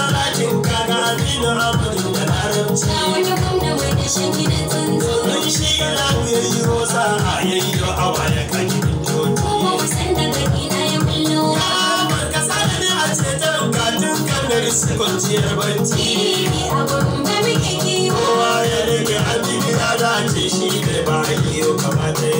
salatin kaga aminu amadu da larabci wani gwamna mai da shan gidan tsuntsu domin shi yana wuyar yi rosa a yayi yau a ya ka gidan jojo kuma wasan da baki na ya bullo ya barka salami a ce ta bukatun kanar su kwanciyar barci ne a gurin ba muke kiwo kowa ya rage abin ya dace shi ne ba a yi yau kamata ya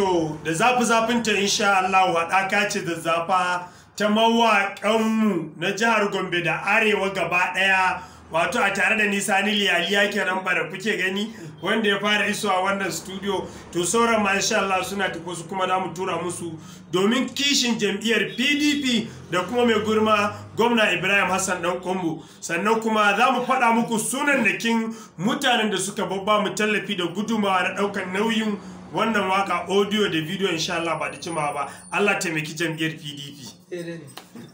wato da zafi zafinta insha Allah haɗaka ce da zafa ta mawaƙanmu na jihar Gombe da Arewa gaba ɗaya wato a tare da nisa ni liyaliya kenan bara kuke gani wanda ya fara iso a wannan studio to sauran ma insha Allah suna tuko su kuma mu tura musu domin kishin jam'iyyar PDP da kuma mai gurma gwamna Ibrahim Hassan dan Kombo sannan kuma za mu faɗa muku sunan da kin mutanen da suka babba mu tallafi da gudumawa na ɗaukar nauyin wannan waka audio da video insha Allah ba da cimawa ba Allah taimaki jam'iyyar PDP